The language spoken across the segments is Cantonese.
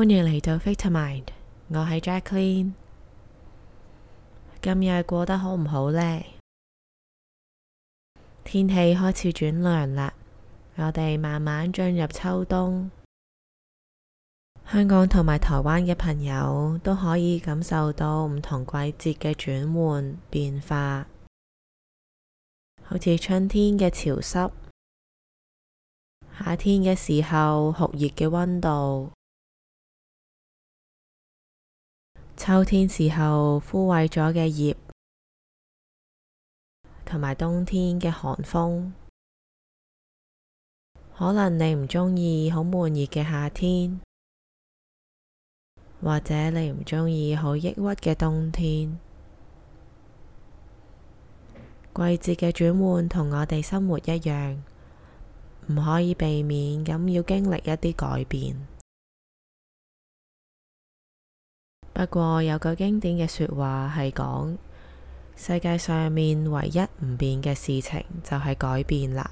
歡迎嚟到 Vitamind，我係 Jacklin。今日過得好唔好呢？天氣開始轉涼啦，我哋慢慢進入秋冬。香港同埋台灣嘅朋友都可以感受到唔同季節嘅轉換變化，好似春天嘅潮濕，夏天嘅時候酷熱嘅溫度。秋天時候枯萎咗嘅葉，同埋冬天嘅寒風，可能你唔鍾意好悶熱嘅夏天，或者你唔鍾意好抑鬱嘅冬天。季節嘅轉換同我哋生活一樣，唔可以避免咁要經歷一啲改變。不過有句經典嘅說話係講，世界上面唯一唔變嘅事情就係改變啦。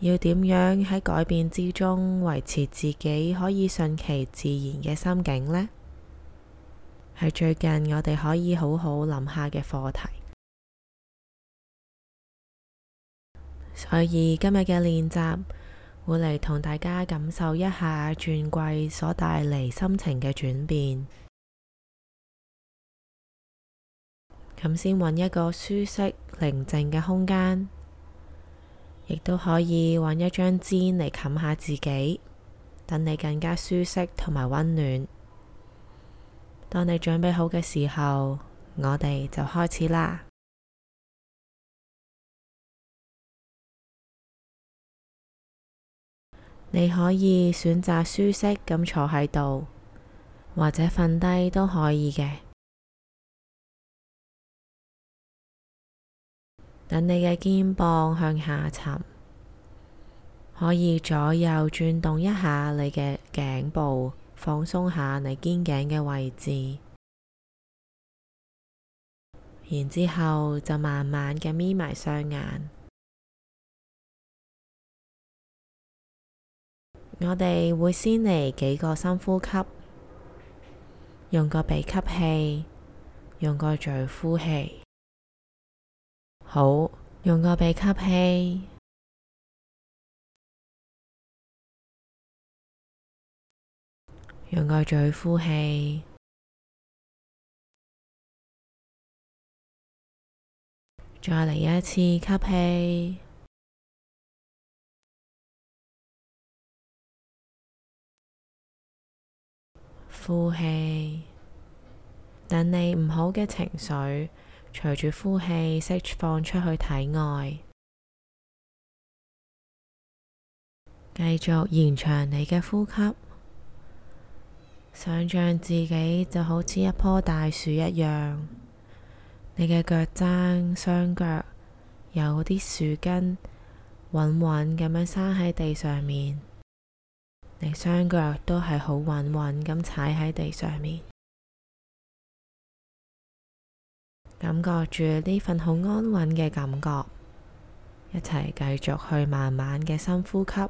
要點樣喺改變之中維持自己可以順其自然嘅心境呢？係最近我哋可以好好諗下嘅課題。所以今日嘅練習。會嚟同大家感受一下轉季所帶嚟心情嘅轉變。咁先揾一個舒適、寧靜嘅空間，亦都可以揾一張氈嚟冚下自己，等你更加舒適同埋溫暖。當你準備好嘅時候，我哋就開始啦。你可以選擇舒適咁坐喺度，或者瞓低都可以嘅。等你嘅肩膀向下沉，可以左右轉動一下你嘅頸部，放鬆下你肩頸嘅位置。然之後就慢慢嘅眯埋雙眼。我哋會先嚟幾個深呼吸，用個鼻吸氣，用個嘴呼氣。好，用個鼻吸氣，用個嘴呼氣，再嚟一次吸氣。呼氣，等你唔好嘅情緒隨住呼氣釋放出去體外，繼續延長你嘅呼吸。想象自己就好似一棵大樹一樣，你嘅腳踭、雙腳有啲樹根穩穩咁樣生喺地上面。你雙腳都係好穩穩咁踩喺地上面，感覺住呢份好安穩嘅感覺，一齊繼續去慢慢嘅深呼吸。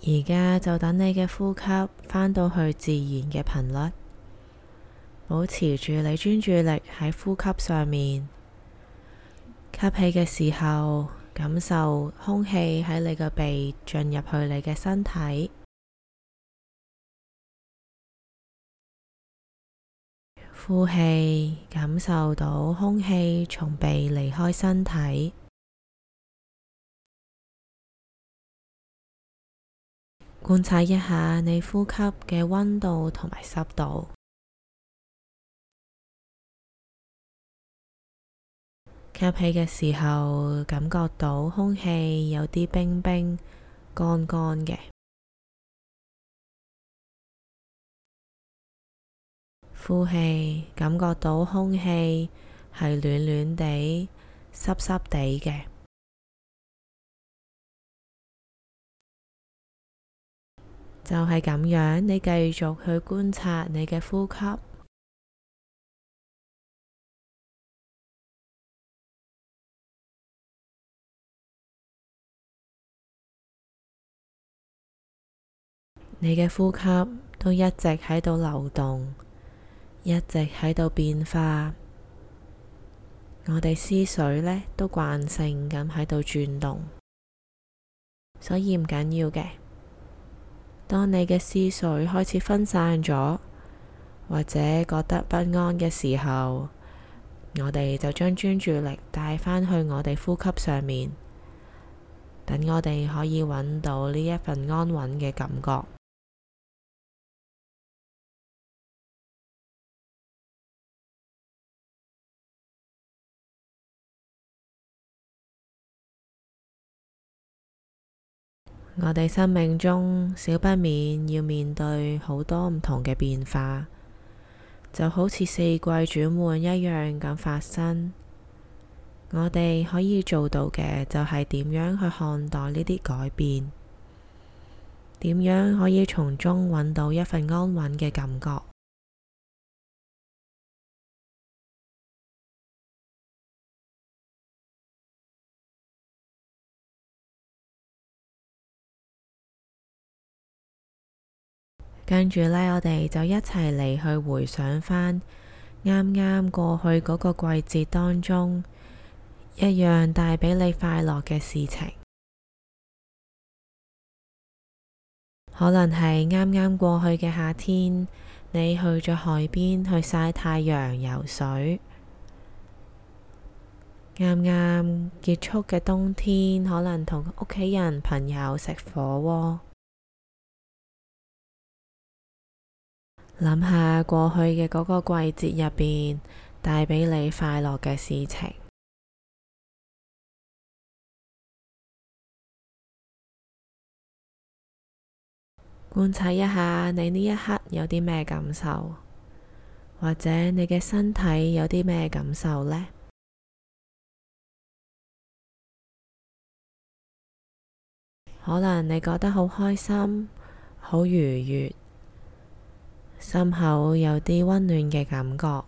而家就等你嘅呼吸返到去自然嘅頻率。保持住你專注力喺呼吸上面。吸氣嘅時候，感受空氣喺你個鼻進入去你嘅身體。呼氣，感受到空氣從鼻離開身體。觀察一下你呼吸嘅溫度同埋濕度。吸氣嘅時候，感覺到空氣有啲冰冰、乾乾嘅；呼氣，感覺到空氣係暖暖地、濕濕地嘅。就係咁樣，你繼續去觀察你嘅呼吸。你嘅呼吸都一直喺度流動，一直喺度變化。我哋思緒呢都慣性咁喺度轉動，所以唔緊要嘅。當你嘅思緒開始分散咗，或者覺得不安嘅時候，我哋就將專注力帶返去我哋呼吸上面，等我哋可以揾到呢一份安穩嘅感覺。我哋生命中少不免要面對好多唔同嘅變化，就好似四季轉換一樣咁發生。我哋可以做到嘅就係點樣去看待呢啲改變，點樣可以從中揾到一份安穩嘅感覺。跟住呢，我哋就一齊嚟去回想翻啱啱過去嗰個季節當中，一樣帶畀你快樂嘅事情。可能係啱啱過去嘅夏天，你去咗海邊去曬太陽游、游水；啱啱結束嘅冬天，可能同屋企人、朋友食火鍋、哦。諗下過去嘅嗰個季節入邊帶畀你快樂嘅事情， 觀察一下你呢一刻有啲咩感受，或者你嘅身體有啲咩感受呢？可能你覺得好開心，好愉悅。心口有啲溫暖嘅感覺，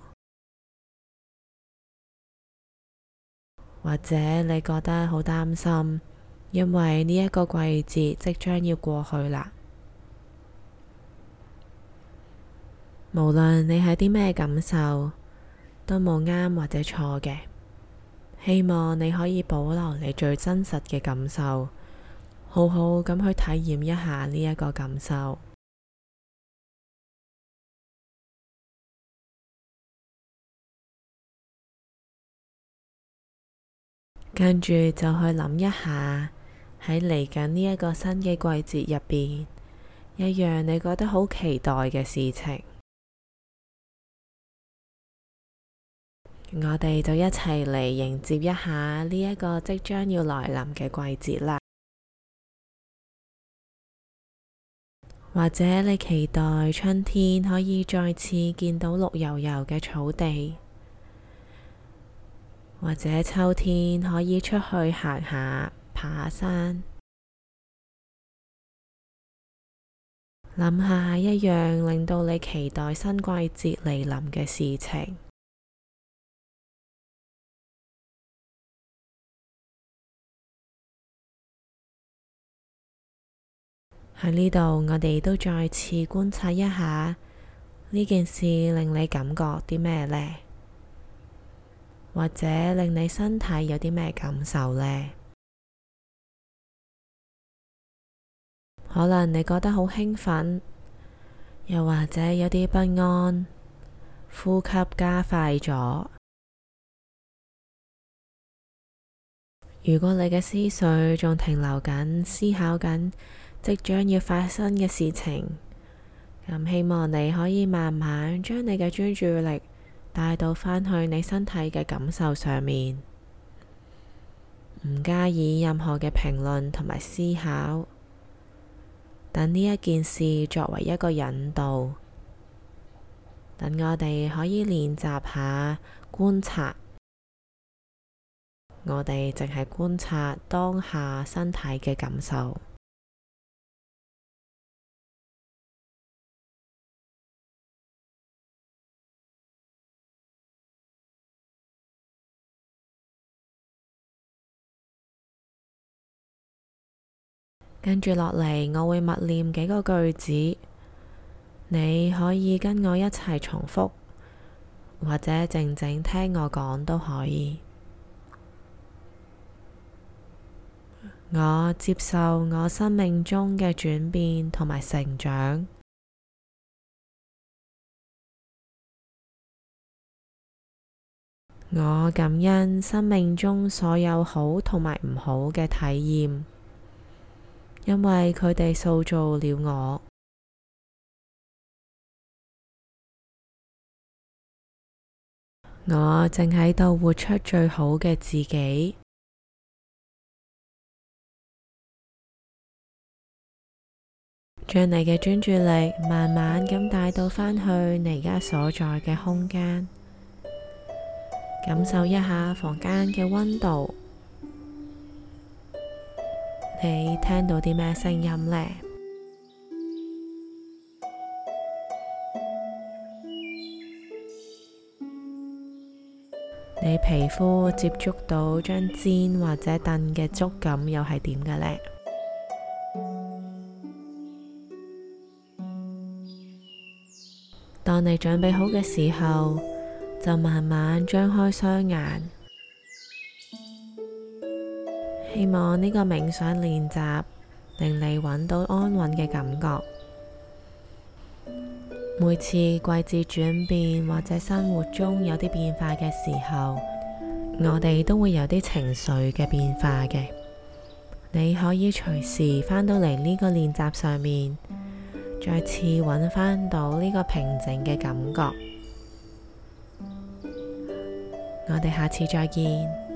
或者你覺得好擔心，因為呢一個季節即將要過去啦。無論你係啲咩感受，都冇啱或者錯嘅。希望你可以保留你最真實嘅感受，好好咁去體驗一下呢一個感受。跟住就去諗一下，喺嚟緊呢一個新嘅季節入邊，一樣你覺得好期待嘅事情。 我哋就一齊嚟迎接一下呢一個即將要來臨嘅季節啦。 或者你期待春天可以再次見到綠油油嘅草地。或者秋天可以出去行下、爬下山，諗下一樣令到你期待新季節嚟臨嘅事情。喺呢度，我哋都再次觀察一下呢件事令你感覺啲咩呢？或者令你身體有啲咩感受呢？可能你覺得好興奮，又或者有啲不安，呼吸加快咗。如果你嘅思緒仲停留緊，思考緊即將要發生嘅事情，咁希望你可以慢慢將你嘅專注力，帶到返去你身體嘅感受上面，唔加以任何嘅評論同埋思考，等呢一件事作為一個引導，等我哋可以練習下觀察，我哋淨係觀察當下身體嘅感受。跟住落嚟，我會默念幾個句子，你可以跟我一齊重複，或者靜靜聽我講都可以。我接受我生命中嘅轉變同埋成長。我感恩生命中所有好同埋唔好嘅體驗。因為佢哋塑造了我，我正喺度活出最好嘅自己。將你嘅專注力慢慢咁帶到返去你而家所在嘅空間，感受一下房間嘅溫度。你聽到啲咩聲音呢？你皮膚接觸到張氈或者凳嘅觸感又係點嘅呢？當你準備好嘅時候，就慢慢張開雙眼。希望呢個冥想練習令你搵到安穩嘅感覺。每次季節轉變或者生活中有啲變化嘅時候，我哋都會有啲情緒嘅變化嘅。你可以隨時返到嚟呢個練習上面，再次搵返到呢個平靜嘅感覺。我哋下次再見。